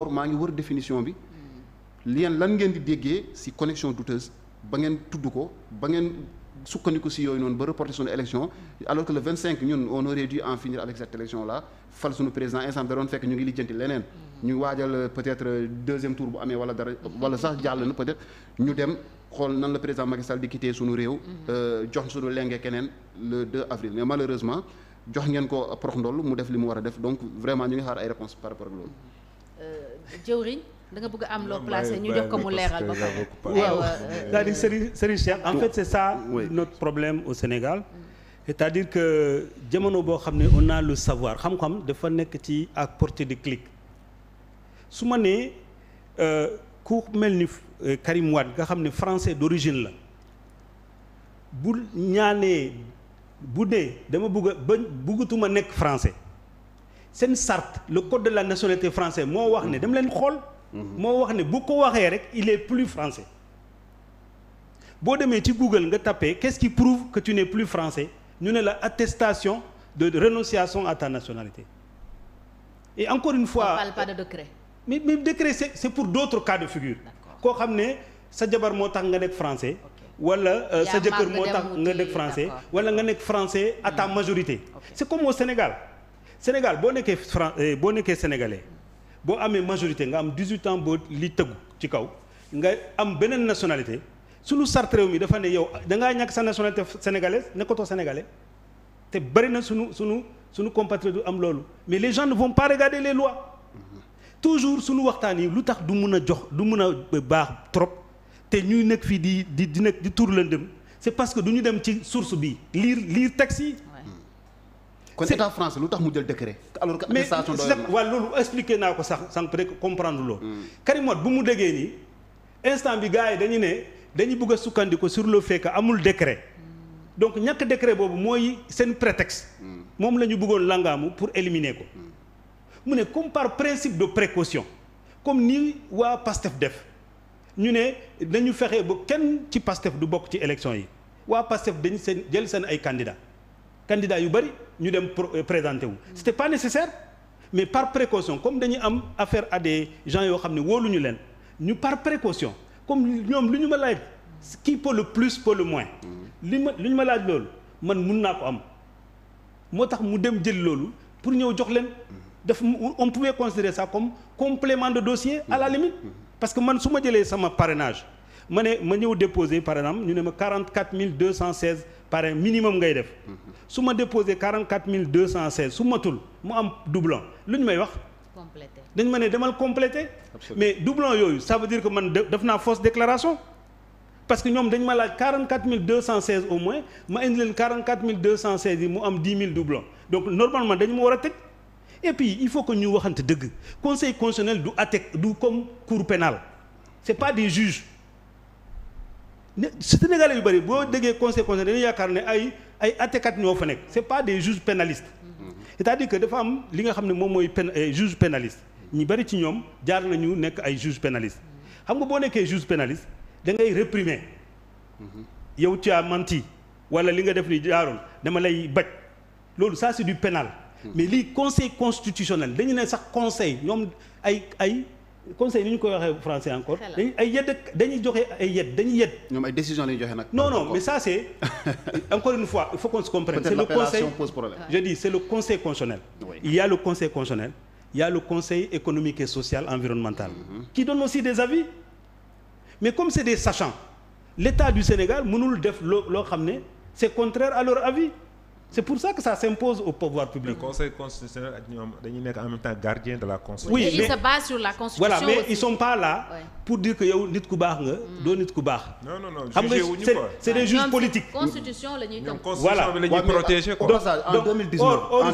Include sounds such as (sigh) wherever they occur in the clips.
or maa ngi wër définition bi lien lan ngeen di déggee ci connexion douteuse ba ngeen tudd ko ba ngeen sukkandiku ci yooyu noonu ba reporter suñu élection alors que le 25 ñun on aurait dû en finir avec cette élection là fal suñu président instant ñu ngi lijjanti leneen. ñu waajal euh, peut-être euh, deuxième tour bu amee wala dara walla sax jàll na peut-être ñu dem xool nan la président Macky Sall di quitté suñu réew. Euh, jox suñu lenge keneen le 2 avril mais malheureusement jox ngeen ko prox ndoll mu def li mu war def donc vraiment ñu ngi xaar ay réponses par Euh, jëwriñ da nga bëgg am loo placé ñu jox ko mu leeral ba pare waaw euh, c'est-à-dire Serigne Serigne Cheikh en fait c'est ça notre problème au Sénégal c'est-à-dire que jamono boo xam ne on a le savoir xam-xam dafa nekk ci ak porté de clic su ma nee euh, ku mel ni Karim Wade nga xam ne français d'origine la bu ñaanee bu dee dama bëgg a ba bëggatuma nekk français seen charte le code de la nationalité français moo wax ne dama leen xool. moo wax ne bu ko waxee rek il est plus français. boo demee ci Google nga tapé qu'est-ce qui prouve que tu n'es plus français ñu ne la attestation de renonciation à ta nationalité. et encore une fois on parle mais mais décret c'est c'est pour d'autres cas de figure. koo xam ne sa jabar moo tax nga nekk français. wala euh, sa jëkkër moo tax nga nekk français. wala nga nekk français à ta hmm. majorité. Okay. comme Sénégal. Sénégal boo nekkee Fran eh, boo nekkee sénégalais boo amee majorité nga am 18 ans boo li tëggu ci kaw nga am beneen nationalité su suñu sart réew mi dafa ne yow dangaa ñàkk sa nationalité sénégalaise nekkatoo sénégalais te bëri na suñu suñu suñu du am loolu mais les gens ne par pas lee les lois toujours suñu waxtaan yi lu tax du mun a jox du mun a baax trop te ñuy nekk fii di di di nekk di tur lëndëm c'est parce que du ñu dem ci source bi lire lire texte yi kon état lu tax mu jël décret. alors que administration doy na waaw loolu expliqué naa ko sax sànq peut être comprendre loo. Hmm. Karim bu mu déggee nii instant bi gars yi dañu ne dañu bëgg a sukkandiku sur le fait que amul décret. Hmm. donc ñàkk décret boobu mooy seen prétexte. Hmm. moom la ñu bëggoon langaamu pour éliminer ko. mu ne comme par principe de précaution comme nii waa PASTEF def ñu ne dañu fexe ba kenn ci PASTEF du bokk ci élection yi waa PASTEF dañu seen jël seen ay candidats candidats yu bëri. ñu dem euh, présenter wu c'était pas nécessaire mais par précaution comme dañuy am affaire à des gens yoo xam ne ñu leen ñu par précaution comme ñoom lu ñu ma laaj qui peut le plus peut le moins li ma lu ñu ma laaj loolu man mun naa ko am moo tax mu dem jël loolu pour ñëw jox leen daf on pouvait considérer ça comme complément de dossier à la limite parce que man su ma jëlee sama parrainage ma ne ma ñëw déposer par exemple ñu ne ma 44 216 pare minimum ngay def su ma déposé quarante quatre mille deux cent seize su matul mu am doublon lu ñu may wax. complété dañ ma ne demal complété. mais doublon yooyu ça veut dire que man def naa fausse déclaration. parce que ñoom dañ ma laaj quarante quatre mille deux cent seize au moins ma indi leen quarante quatre mille deux cent seize yi mu am dix mille doublon donc normalement dañ ma war a tëj. et puis il faut que ñu waxante dëgg conseil constitutionnel du atte du comme cour pénal c'est pas des juges. ne Sénégalais yu bëri boo déggee conseil conseil dañuy yaakaar ne ay ay attekat ñoo fa nekk c'est pas des juges pénalistes mm-hmm. c'est-à-dire que dafa am li nga xam ne moom mooy pen eh, juge pénaliste ñi bëri ci ñoom jaar nañu nekk ay juge pénaliste xam nga boo nekkee juge pénaliste da ngay réprimer mm-hmm. yow tu as menti wala li nga def ni jaarul dama lay baj loolu ça c'est du pénal mm-hmm. mais lii conseil constitutionnel dañu ne sax conseil ñoom ay ay conseil ni ñu koy waxee français encore. dañuy ay yedd dañuy joxe ay yedd dañuy yedd. ñoom ay décision joxe nag. non non mais ça c' (laughs) encore une fois il faut qu'on se comprenne. c'est le conseil pose problème. je dis c' est le conseil constitutionnel. Oui. le conseil économique et social environnemental. Mm -hmm. qui donne aussi des avis. mais comme c' des sachants létat du Sénégal mënul def lo loo xam ne c' est contraire à leur avis. c'est pour ça que ça s'impose au pouvoir public. oui mais ils sont pas là. pour dire que yow nit ku baax nga. Mm. doo nit ku baax. non non non jugee wuñu quoi xam nga c'est des juges politiques. constitution la ñuy protéger en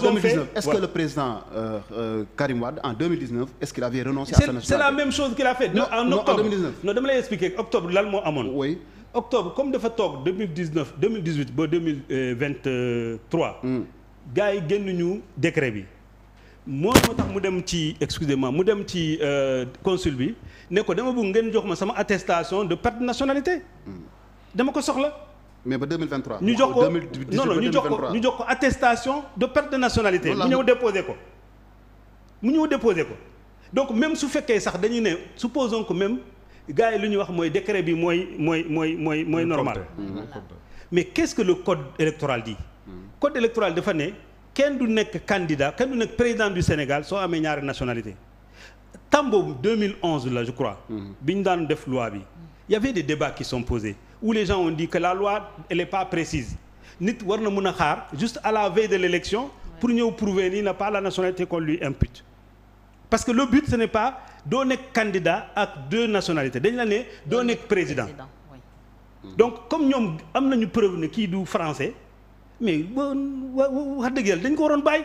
2019 en est-ce que le président euh, euh, Karim en est-ce qu'il avait renoncé à sa nationalité. a fait. non en octobre non en 2019. non dama lay oui. octobre comme dafa toog deux mille dix neuf deux mille dix huit ba deux hmm. gars yi génn ñu décret bi. moom moo tax mu dem ci excusez mu dem ci euh, consul bi ne ko dama bëgg ngeen jox ma sama attestation de perte nationalité. Hmm. dama ko soxla. mais ba 2023. ñu jox ko non non ñu jox ko ñu jox ko attestation de perte de nationalité. mu ñëw déposé ko. mu ñëw déposé ko donc même su fekkee sax dañuy ne supposons que même. gars yi lu ñu wax mooy décret bi mooy mooy mooy mooy mooy normal mais qu'est-ce que le code électoral dit hmm. code électoral dafa ne kenn du nekk candidat kenn du nekk président du Sénégal soo amee ñaari nationalité Tambo 2011 là je crois hmm. bi ñu daan def loi bi y avait des débats qui sont posés où les gens ont dit que la loi elle pas précise nit war na mën a xaar juste à la veille de l'élection pour ñëw prouver ni n'a pas la nationalité qu'on impute parce que le but ce n'est pas doo nekk candidat ak deux nationalités dañ la ne doo nekk président hmm. donc comme ñoom am nañu preuve ne kii du français mais wax dëgg yàlla dañ ko waroon bàyyi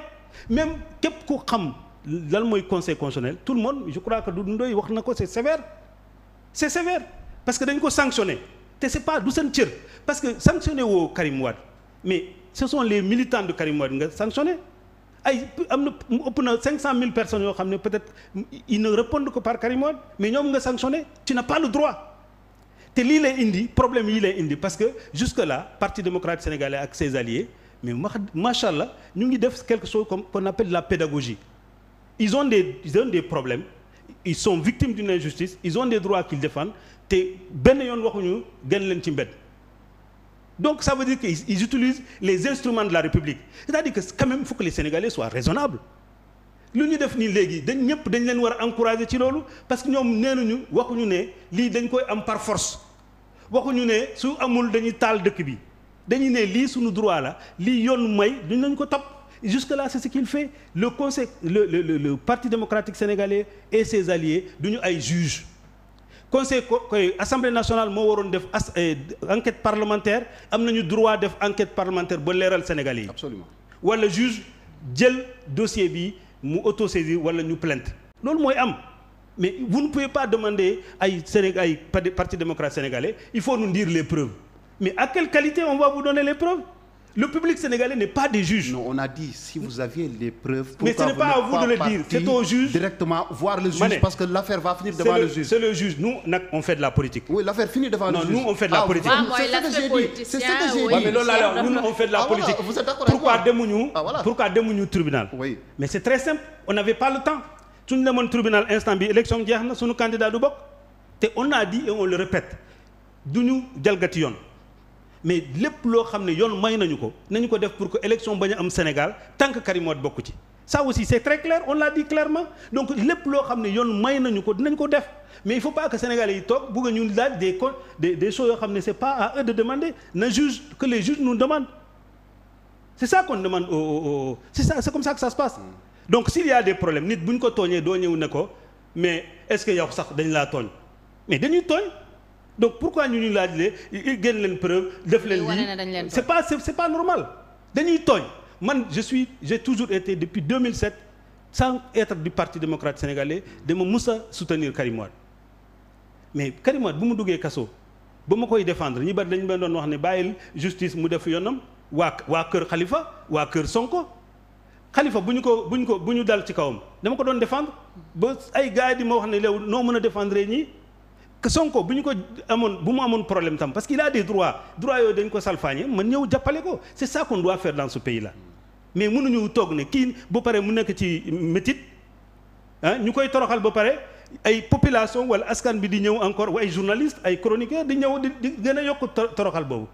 même képp ku xam lan mooy conseil constitutionnel tout le monde je crois que du Ndoye wax na ko c'est sévère c'est sévère parce que dañ ko sanctionné te c'est pas du seen cër parce que sanctionné woo Karim mais ce sont les militants de Karim nga sanctionné ay am na mu ëpp na 500000 personnes yoo xam ne peut-être ils ne répondent par Karim Wade mais ñoom nga sanctionné tu n'as pas le droit te lii lay indi problème yii lay indi parce que jusque là parti démocrate sénégalais ak ses alliés mais macha allah ñu ngi def quelque chose comme qu'on appelle la pédagogie ils ont des ils ont des problèmes ils sont victimes d'une injustice ils ont des droits qu'ils défendent te benn yoon waxuñu gën leen ci mbedd donc ça veut dire qu'ils ils utilisent les instruments de la République c'est-à-dire que quand même il que les Sénégalais soient raisonnables lu ñu def nii léegi dañ ñëpp dañ leen war a encourager ci loolu parce que ñoom nee nañu waxuñu ne lii dañ koy am par force waxuñu ne su amul dañuy taal dëkk bi dañuy ne lii suñu droit la lii yoon may duñ lañ ko topp jusque là c'est ce qu'il fait le conseil le le le, parti démocratique sénégalais et ses alliés duñu ay juges conseil koy assemblée nationale moo waroon def as eh, enquête parlementaire am nañu droit def enquête parlementaire ba leeral Sénégalais yi. absolument wala juge jël dossier bi mu autosaisir wala ñu plainte loolu mooy am mais vous ne pouvez pas demander ay Sénégal ay parti démocrate sénégalais il faut nous dire les preuves mais à quelle qualité on va doonee donner les preuves. le public sénégalais n'est pas des juges. Non, on a dit si vous aviez les preuves. Mais ce n'est pas à vous de le dire c'est au juge. directement parce que l'affaire va finir devant le, juge. nous nag on fait de la politique. non, on fait de la ah, politique. pourquoi demuñu. tribunal. mais c'est très simple on n'avait pas le temps suñu demoon tribunal instant bi élection jeex na suñu candidat du a dit et on yoon. mais lépp loo xam ne yoon may nañu ko nañu ko def pour que élection bañu am Sénégal tant que Karim Wade bokk ci ça aussi c'est très clair on l'a dit clairement donc lépp loo xam ne yoon may nañu ko dinañ ko def mais il faut pas que Sénégalais yi toog bëgg ñu laaj des co des des yoo xam ne c'est pas à eux de demander na juge que les juges nous demandent c'est ça qu'on demande au au ça comme ça que ça se passe donc s'il y a des problèmes nit bu ñu ko tooñee doo ñëw ne ko mais est-ce que sax dañ laa tooñ donc pourquoi ñu ñu laaj lee génn leen preuve def leen lii c'est pas c'est pas normal dañuy tooñ man je suis j'ai toujours été depuis 2007 sans être du parti démocrate sénégalais dama mus a soutenir Karim Wade mais Karim bu mu duggee kaso ba ma koy défendre ñi bari dañu ma doon wax ne bàyyil justice mu def yoonam waa waa kër Khalifa waa kër Sonko Khalifa bu ñu ko bu ñu ko bu ñu dal ci kawam dama ko doon défendre ba ay gars di ma wax ne léew noo mën a défendre ñii que Sonko bu ñu ko amoon bu mu amoon problème tam parce que il a des droits droits yooyu dañ ko salfaañe man ñëw jàppale ko c' est ça qu'on doit faire dans ce pays là mais mënuñu toog ne kii ba pare mu nekk ci métit ah ñu koy toroxal ba pare ay population wala askan bi di ñëw encore ay journaliste ay chroniqueur di ñëw di gën a yokk toroxal boobu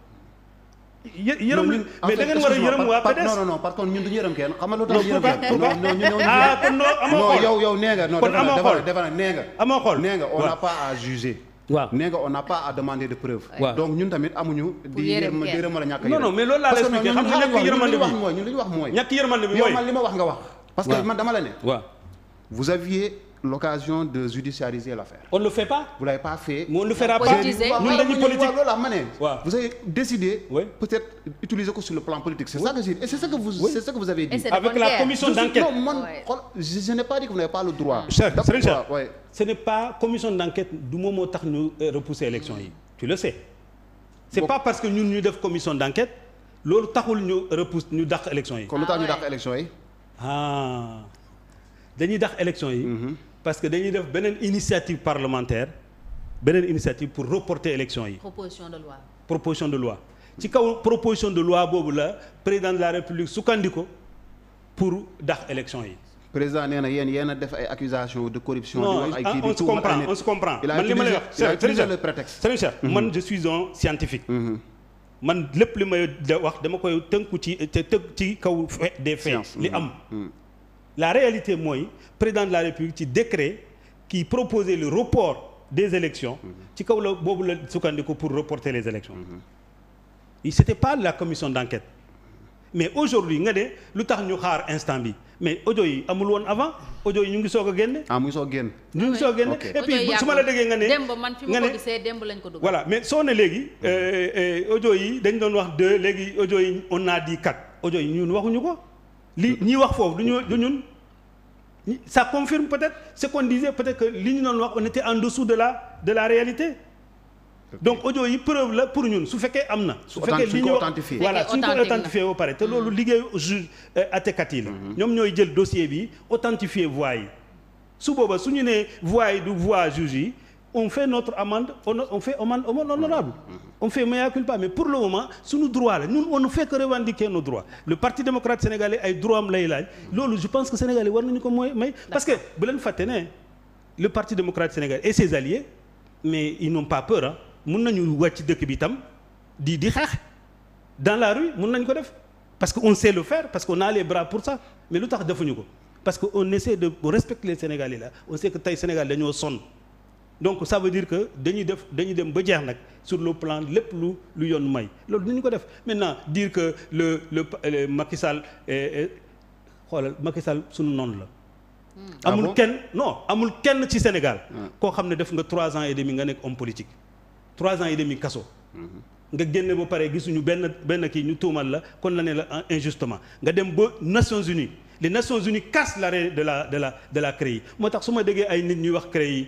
yërëm mais da ngeen war a yërëm waa PDS non non non parce que ñun yërëm kenn xam nga lu tax yërëm kenn non ñu ah kon non amoo xool yow yow nee nga non dafa dafa nee nga amoo xool nee nga on n'a pas à juger waaw nee nga on n'a pas à demander de preuve donc ñun tamit amuñu di yërëm wala ñàkk yërëm non non mais loolu laa lay expliqué xam nga ñàkk yërmande bi mooy ñun li ñu wax mooy ñàkk yërmande bi mooy yow man li ma wax nga wax parce que man dama la ne waaw vous aviez l'occasion de judiciariser l'affaire. on ne le fait pas. vous fera pas. ñun dañuy politique voilà ma ne. sur le plan politique. c'est ça que vous avez dit. avec la commission d'enquête je n'ai pas dit que vous n'avez pas le droit. Cheikh ce n'est pas commission d'enquête du moom moo tax euh, repousser élection yi tu le sais. c'est pas parce que ñun ñu def commission d'enquête loolu taxul ñu repousse ñu dàq élection yi. ah parce que dañuy def beneen initiative parlementaire beneen initiative pour reporter élection yi. proposition de loi. proposition de loi ci kaw proposition de loi boobu la président de la république sukkandiku pour dax élection yi. président nee na yéen yéen a def ay accusations de corruption. di wax ay kii on se comprend on se comprend. man li ma lay wax c'est le prétexte. très cher mm-hmm. man je suis scientifique. Mm-hmm. man lépp li may wax dama koy tënku ci te tënk ci kaw des faits. li am. Mm-hmm. la réalité mooy président de la république ci décret qui proposait le report des élections ci kaw la boobu la sukkandiku pour reporter les élections et c'était pas la commission d'enquête mais aujourd'hui nga ne lu tax ñu xaar instant bi mais audio yi amul woon avant audio yi ñu ngi soog a génne. ah mu ngi soog a génne. ñu ngi soog a et puis su ma la déggee nga ne. démb man fi ma ko gisee démb lañ ko dugg. voilà mais soo ne léegi mm-hmm. euh, euh, audio yi dañ doon wax deux léegi audio yi on a dit quatre audio yi ñun waxuñu ko. li ñuy wax foofu du ñu du ñun sa confirme peut-être ce qu'on disait peut-être que li ñu doon wax on était en dessous de la de la réalité donc audio yi preuve la pour ñun su fekkee am na su fekkee li ñu wax voilà suñ ko authentifié ba pare mm-hmm. loolu liggéeyu juge àttekat euh, mm-hmm. ñoom ñooy jël dossier bi authentifié voix yi su booba su ñu nee voix yi du voix juge yi on fait notre amende on fait amende honorable on fait mais pour le moment suñu droit la ñun on ne fait que revendiquer nos droits le parti démocrate sénégalais ay droit am lay laaj loolu je pense que sénégalais war nañu ko mooy may parce que bu leen fàtte ne le parti démocrate sénégalais et ses alliés mais ils n'ont pas peur ah mun nañu wàcc dëkk bi itam di di xeex dans la rue mun nañ ko def parce que on sait le faire parce que on a les bras pour ça mais lu tax defuñu ko parce que on essaie de respecter les sénégalais là tey sénégal dañoo sonn donc ça veut que dañuy def dañuy dem ba jeex nag sur le plan lépp lu lu yoon may loolu dañu ko def maintenant dire que le le Macky Sall xoolal Macky Sall suñu noonu la. Hmm. amul ah kenn non amul kenn ci Sénégal. Ah. koo xam ne def nga trois ans et demi nga nekk homme politique trois ans et demi kaso. Mm-hmm. nga génne ba pare gisuñu benn benn kii ñu tuumal la kon la ne la ah, injustement nga dem ba Nations Unies les Nations Unies cassent l'arrêt de la de la de la CREI moo tax su ma déggee ay nit ñuy wax CREI.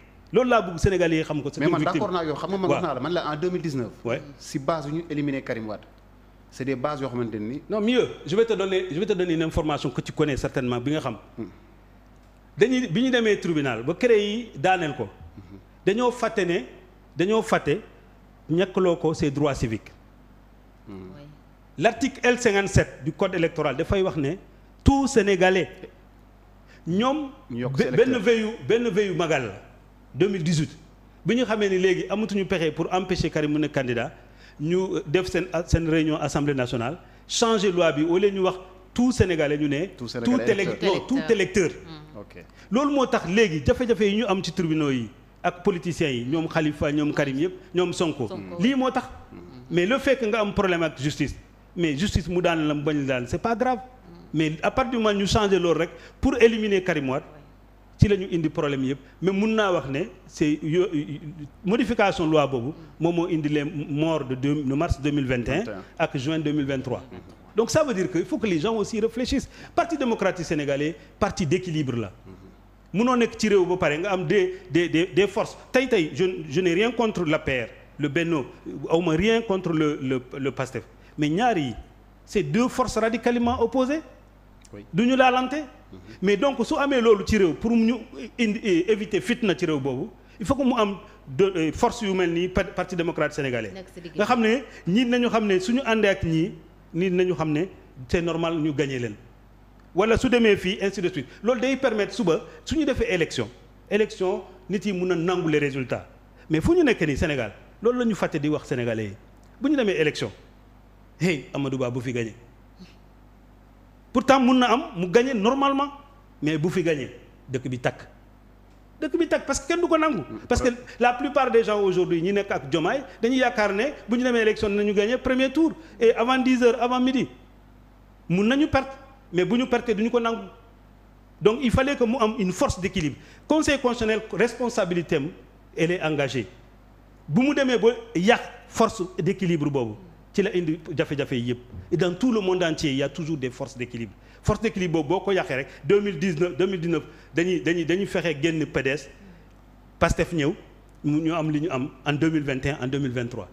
loolu laa bëgg Sénégalais yi xam ko. c'est une victime mais man d'accord naa yow xam nga man wax naa la man la en 2019. ouais base yu ñu éliminé Karim Wade. c'est des bases yoo xamante ni. non mieux je vais te donner je vais te donner une information que tu connais certainement bi nga xam. Hmm. dañuy bi ñu demee tribunal ba CREI yi daaneel ko. Hmm. dañoo fàtte ne dañoo fàtte ñàkkloo ko ses droits civiques. Hmm. el L57 du code électoral dafay wax ne tout sénégalais ñoom. benn veyu benn veyu magal la. 2018 bi ñu xamee ni léegi amatuñu pexe pour empêcher Karim mu ne candidat ñu def seen seen réunion assemblée nationale changer loi bi au lieu ñu wax tout sénégalais ñu ne. tout sénégalais tout non tout électeur. Hmm. loolu moo tax léegi jafe-jafe yi ñu am ci tribunaux yi ak politiciens yi ñoom xalifa ñoom Karim yëpp ñoom Sonko. lii moo tax hmm. mais le fait que nga am problème ak justice mais justice mu daan la mu bañ la daan c'est pas grave hmm. mais à partir du moment ñu changer loolu rek pour éliminer Karim ci la ñu indi problème yëpp mais mun naa wax ne c'est yo modification loi boobu moom moo indi les morts de deux de mars 2021 ak juin 2023 donc ça veut dire que il faut que les gens aussi réfléchissent parti démocratique sénégalais parti d'équilibre la munoo nekk ci réew ba pare nga am des des des des forces tey tey je je n'ai rien contre l'APR le Benno awma rien contre le le le PASTEF mais ñaari yi c'est deux forces radicalement opposées du ñu laalante mais donc su amee loolu ci réew pour mu ñu indi eh, éviter fitna ci réew boobu il faut que mu am de eh, force yu mel nii parti démocrate sénégalais. nga xam ne ñii nañu xam ne suñu àndee ak ñii nii nañu xam ne c'est normal ñu gañee leen. wala su demee fii ainsi de suite loolu day permettre suba su ñu defee élection élection nit yi mun a nangu les résultats mais fu ñu nekk nii Sénégal loolu la ñu fàtte di wax sénégalais yi bu ñu demee élection hey Amadou Ba bu fi gagné. pourtant mun na am mu gagné normalement mais bu fi gagné dëkk bi takk dëkk bi takk parce que kenn du ko nangu. parce que la plupart des gens aujourd'hui ñi nekk ak Diomaye dañu yaakaar ne bu ñu demee élection dinañu gagné premier tour et avant 10 heures avant midi mun nañu perte mais bu ñu perte du ñu ko nangu. donc il fallait que mu am une force d'équilibre conseil constitutionnel responsabilité am elle est engagée bu mu demee ba yàq force d'équilibre boobu. ci la indi jafe-jafe yi yëpp dans tout le monde entier il y a toujours des forces d'équilibre force d'équilibre boobu boo ko yàqee rek 2019 2019 dañuy dañuy fexe génn PDS Pastef ñëw mu ñu am li ñu am en 2021 en 2023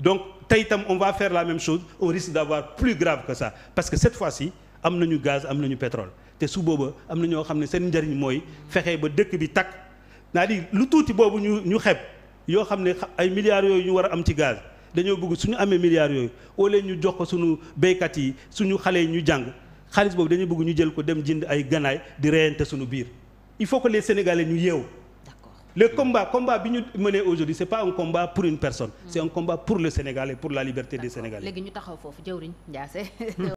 donc tey tam on va faire la même chose on risque d'avoir plus grave que ça parce que cette fois si am nañu gaz am nañu pétrole te su booba am na ñoo xam ne seen njariñ mooy fexe ba dëkk bi takk naa di lu tuuti boobu ñu ñu xeeb yoo xam ne ay milliards yooyu ñu war a am ci gaz dañoo bëgg suñu amee milliards yooyu au lieu ñu jox ko suñu béykat yi suñu xale yi ñu jàng xaalis boobu dañu bëgg ñu jël ko dem jënd ay ganaay di reyante suñu biir il faut que les sénégalais ñu yeewu le combat combat bi ñu mené aujourd'hui c'est pas un combat pour une personne mm. c'est un combat pour le Sénégal et pour la liberté des Sénégalais ñu taxaw foofu jëwriñ Ndiassé (laughs)